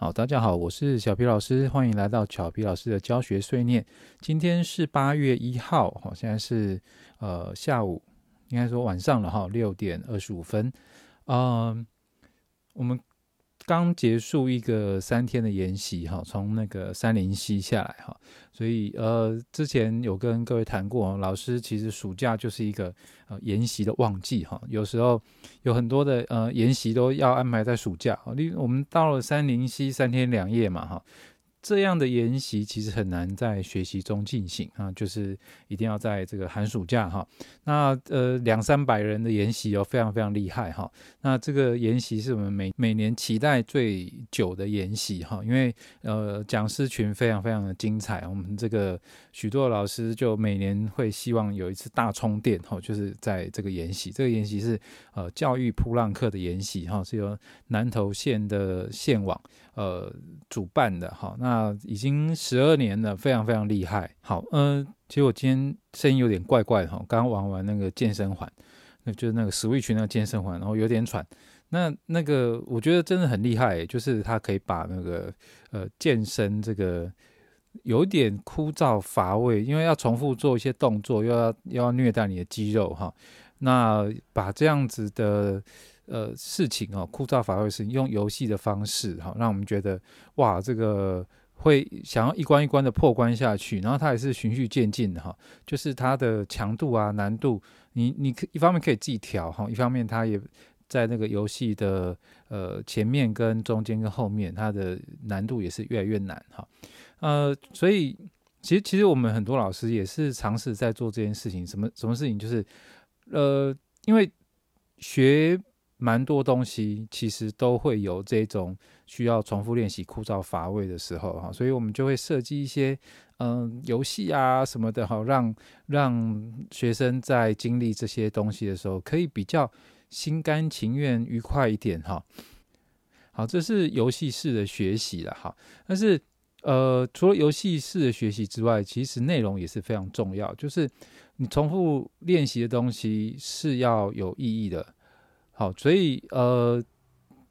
好，大家好，我是小皮老師，歡迎來到小皮老師的教學碎念。今天是八月一號，哈，現在是呃下午，應該說晚上了哈，六點二十五分，嗯、呃，我們。剛結束一個三天的研習哈，從那個杉林溪下來哈，所以呃之前有跟各位談過，老師其實暑假就是一個呃研習的旺季哈，有時候有很多的呃研習都要安排在暑假，我們到了杉林溪三天兩夜嘛哈。這樣的研習其實很難在學習中進行啊，就是一定要在這個寒暑假哈、啊。那呃兩三百人的研習哦，非常非常厲害哈、啊。那這個研習是我們每每年期待最久的研習哈、啊，因為呃講師群非常非常的精彩。我們這個許多老師就每年會希望有一次大充電哈、啊，就是在這個研習。這個研習是呃教育噗浪客的研習哈、啊，是由南投縣的縣網。呃，主辦的哈、哦，那已經十二年了，非常非常厲害。好，嗯、呃，其實我今天聲音有點怪怪的哈、哦，剛剛玩完那個健身環，那就是那個 switch 那個健身環，然後有點喘。那那個我覺得真的很厲害，就是他可以把那個呃健身這個有點枯燥乏味，因為要重複做一些動作，又要又要虐待你的肌肉哈。哦那把這樣子的呃事情哦，枯燥乏味的事情，用遊戲的方式哈、哦，讓我們覺得哇，這個會想要一關一關的破關下去，然後它也是循序漸進的哈，就是它的強度啊、難度，你你可一方面可以自己調哈、哦，一方面它也在那個遊戲的呃前面、跟中間、跟後面，它的難度也是越來越難哈、哦。呃，所以其實其實我們很多老師也是嘗試在做這件事情，什麼什麼事情就是。呃，因為學蠻多東西，其實都會有這種需要重複練習、枯燥乏味的時候哈，所以我們就會設計一些嗯遊戲啊什麼的哈，讓讓學生在經歷這些東西的時候，可以比較心甘情願、愉快一點哈。好，這是遊戲式的學習了哈。但是呃，除了遊戲式的學習之外，其實內容也是非常重要，就是。你重複練習的東西是要有意義的，好，所以呃，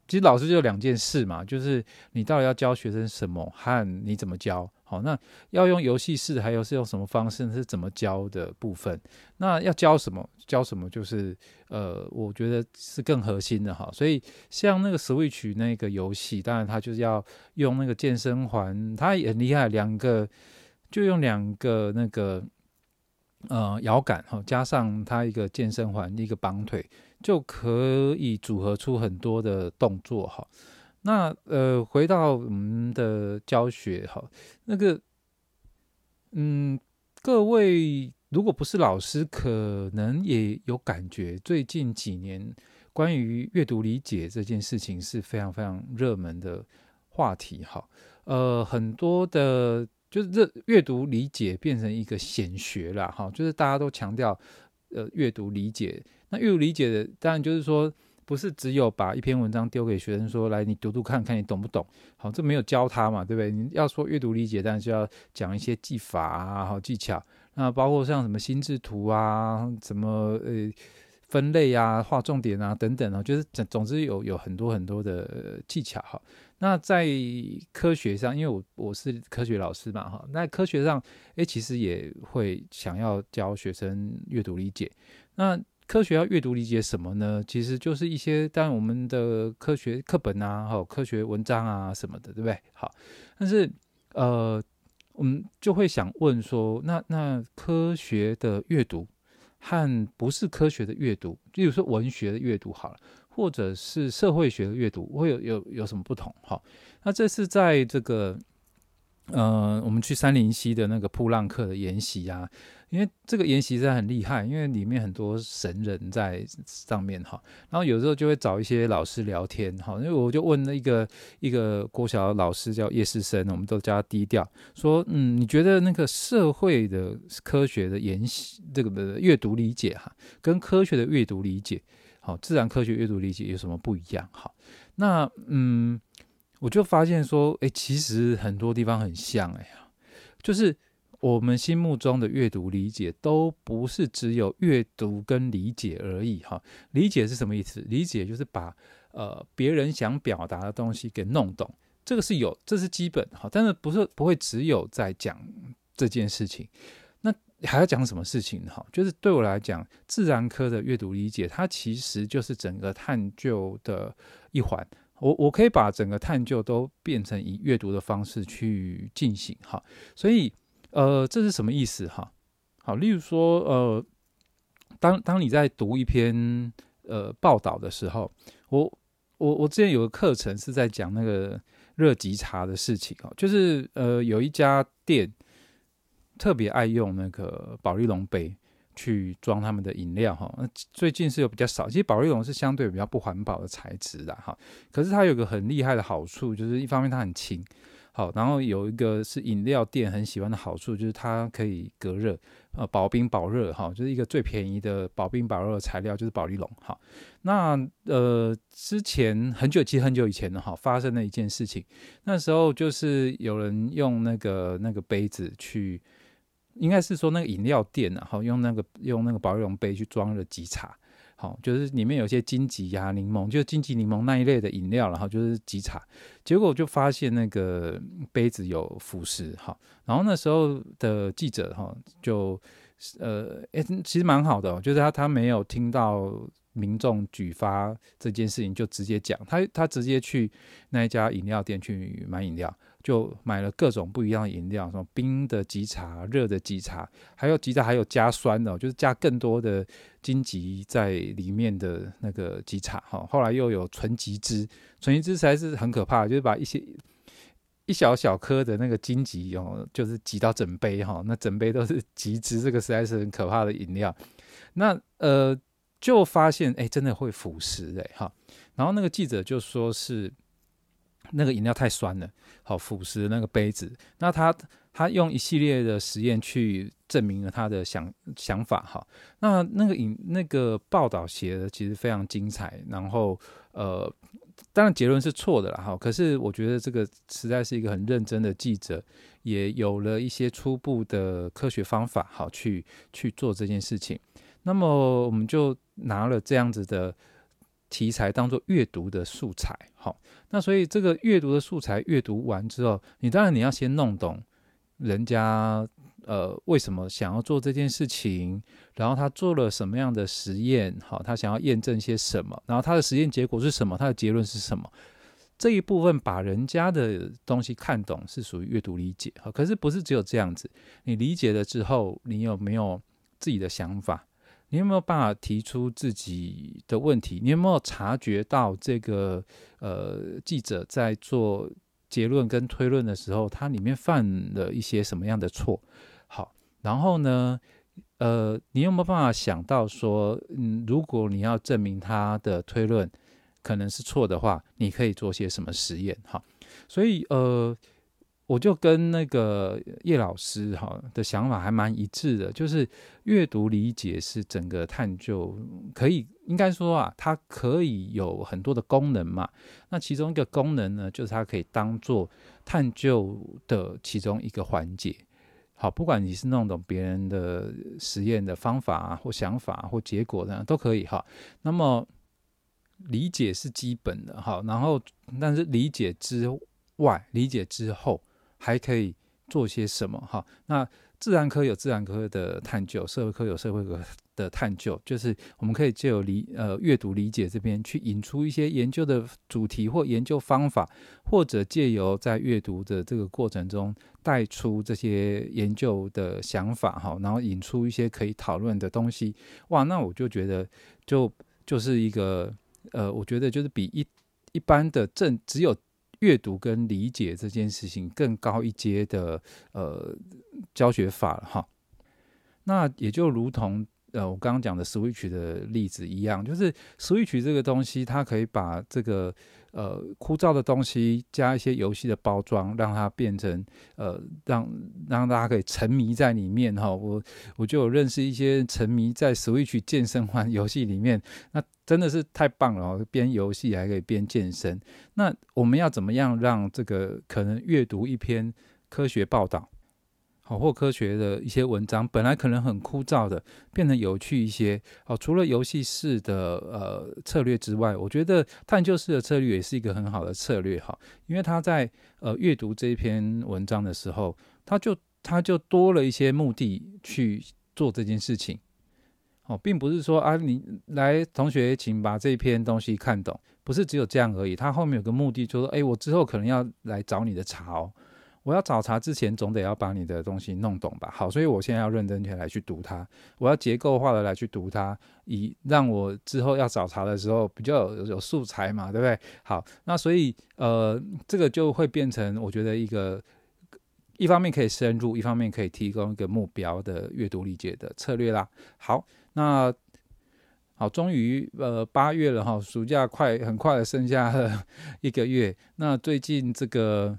其實老師就有兩件事嘛，就是你到底要教學生什麼和你怎麼教，好，那要用遊戲式，還有是用什麼方式，是怎麼教的部分，那要教什麼，教什麼就是呃，我覺得是更核心的哈，所以像那個 Switch 那個遊戲，當然它就是要用那個健身環，它也很厲害，兩個就用兩個那個。呃，搖桿哈，加上它一個健身環，一個綁腿，就可以組合出很多的動作哈。那呃，回到我們的教學哈，那個嗯，各位如果不是老師，可能也有感覺，最近幾年關於閱讀理解這件事情是非常非常熱門的話題哈。呃，很多的。就是這閱讀理解變成一個顯學了哈，就是大家都強調，呃，閱讀理解。那閱讀理解的當然就是說，不是只有把一篇文章丟給學生說，來你讀讀看看你懂不懂。好，這沒有教他嘛，對不對？你要說閱讀理解，當然就要講一些技法啊，技巧。那包括像什麼心智圖啊，什麼呃。分類啊，劃重點啊，等等啊，就是總總之有有很多很多的技巧哈。那在科學上，因為我我是科學老師嘛哈。那科學上，誒、欸，其實也會想要教學生閱讀理解。那科學要閱讀理解什麼呢？其實就是一些，當然我們的科學課本啊，還有科學文章啊什麼的，對不對？好，但是呃，我們就會想問說，那那科學的閱讀。和不是科學的閱讀，比如說文學的閱讀好了，或者是社會學的閱讀，會有有有什麼不同哈、哦？那這是在這個，呃，我們去三零七的那個噗浪客的研習呀、啊。因為這個研習真的很厲害，因為裡面很多神人在上面哈，然後有時候就會找一些老師聊天哈，因為我就問了一個一個國小老師叫葉士昇，我們都叫他低調，說嗯，你覺得那個社會的科學的研習這個的閱讀理解哈，跟科學的閱讀理解好自然科學閱讀理解有什麼不一樣？那嗯，我就發現說，哎，其實很多地方很像，哎呀，就是。我們心目中的閱讀理解都不是只有閱讀跟理解而已，哈，理解是什麼意思？理解就是把呃別人想表達的東西給弄懂，這個是有，這是基本哈，但是不是不會只有在講這件事情，那還要講什麼事情？哈，就是對我來講，自然科的閱讀理解，它其實就是整個探究的一環，我我可以把整個探究都變成以閱讀的方式去進行，哈，所以。呃，這是什麼意思哈？好，例如說，呃，當當你在讀一篇呃報道的時候，我我我之前有個課程是在講那個熱極茶的事情啊，就是呃，有一家店特別愛用那個保麗龍杯去裝他們的飲料哈。那最近是有比較少，其實保麗龍是相對比較不環保的材質的哈，可是它有個很厲害的好處，就是一方面它很輕。好，然後有一個是飲料店很喜歡的好處，就是它可以隔熱，呃，保冰保熱哈、哦，就是一個最便宜的保冰保熱材料就是保麗龍。哈。那呃，之前很久，其實很久以前了哈、哦，發生了一件事情，那時候就是有人用那個那個杯子去，應該是說那個飲料店、啊，然後用那個用那個保麗龍杯去裝了幾茶。好，就是裡面有些金桔呀、啊、檸檬，就金桔檸檬那一類的飲料，然後就是即茶，結果就發現那個杯子有腐蝕。哈，然後那時候的記者哈、哦，就呃、欸，其實蠻好的、哦，就是他他沒有聽到民眾舉發這件事情，就直接講，他他直接去那一家飲料店去買飲料。就買了各種不一樣的飲料，什麼冰的桔茶、熱的桔茶，還有桔茶還有加酸的，就是加更多的金桔在裡面的那個桔茶哈。後來又有純桔汁，純桔汁實在是很可怕的，就是把一些一小小顆的那個金桔哦，就是擠到整杯哈，那整杯都是桔汁，這個實在是很可怕的飲料。那呃，就發現哎，真的會腐蝕的。哈。然後那個記者就說是。那個飲料太酸了，好腐蝕的那個杯子。那他他用一系列的實驗去證明了他的想想法哈。那那個飲那個報道寫的其實非常精彩，然後呃，當然結論是錯的了哈。可是我覺得這個實在是一個很認真的記者，也有了一些初步的科學方法好去去做這件事情。那麼我們就拿了這樣子的題材當做閱讀的素材，好，那所以這個閱讀的素材閱讀完之後，你當然你要先弄懂人家呃為什麼想要做這件事情，然後他做了什麼樣的實驗，好，他想要驗證些什麼，然後他的實驗結果是什麼，他的結論是什麼，這一部分把人家的東西看懂是屬於閱讀理解，好，可是不是只有這樣子，你理解了之後，你有沒有自己的想法？你有沒有辦法提出自己的問題？你有沒有察覺到這個呃記者在做結論跟推論的時候，他裡面犯了一些什麼樣的錯？好，然後呢，呃，你有沒有辦法想到說，嗯，如果你要證明他的推論可能是錯的話，你可以做些什麼實驗？哈，所以呃。我就跟那個葉老師哈的想法還蠻一致的，就是閱讀理解是整個探究可以應該說啊，它可以有很多的功能嘛。那其中一個功能呢，就是它可以當作探究的其中一個環節。好，不管你是弄懂別人的實驗的方法啊，或想法啊，或結果的都可以哈。那麼理解是基本的哈，然後但是理解之外，理解之後。還可以做些什麼哈？那自然科有自然科的探究，社會科有社會科的探究，就是我們可以借由理呃閱讀理解這邊去引出一些研究的主題或研究方法，或者借由在閱讀的這個過程中帶出這些研究的想法哈，然後引出一些可以討論的東西。哇，那我就覺得就就是一個呃，我覺得就是比一一般的正只有。閱讀跟理解這件事情更高一階的呃教學法哈，那也就如同。呃，我剛剛講的 Switch 的例子一樣，就是 Switch 這個東西，它可以把這個呃枯燥的東西加一些遊戲的包裝，讓它變成呃讓讓大家可以沉迷在裡面哈、哦。我我就有認識一些沉迷在 Switch 健身環遊戲裡面，那真的是太棒了、哦，邊遊戲還可以邊健身。那我們要怎麼樣讓這個可能閱讀一篇科學報道？或科學的一些文章，本來可能很枯燥的，變得有趣一些。哦，除了遊戲式的呃策略之外，我覺得探究式的策略也是一個很好的策略。哈，因為他在呃閱讀這篇文章的時候，他就他就多了一些目的去做這件事情。哦，並不是說啊，你來同學，請把這篇東西看懂，不是只有這樣而已。他後面有個目的，就是說誒、欸，我之後可能要來找你的茬哦。我要找茬之前，總得要把你的東西弄懂吧。好，所以我現在要認真起來去讀它，我要結構化的來去讀它，以讓我之後要找茬的時候比較有,有素材嘛，對不對？好，那所以呃，這個就會變成我覺得一個，一方面可以深入，一方面可以提供一個目標的閱讀理解的策略啦。好，那好，終於呃八月了哈、哦，暑假快很快的剩下了一個月。那最近這個。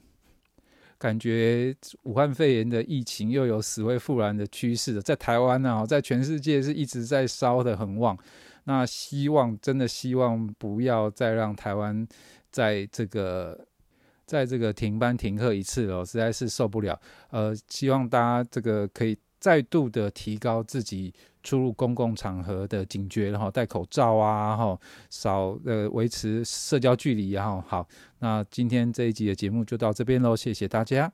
感覺武漢肺炎的疫情又有死灰復燃的趨勢，在台灣呢，在全世界是一直在燒得很旺。那希望，真的希望不要再讓台灣在這個、在這個停班停課一次了，我實在是受不了。呃，希望大家這個可以再度的提高自己出入公共場合的警覺，然後戴口罩啊，然後少呃，維持社交距離，然後好，那今天這一集的節目就到這邊囉，謝謝大家。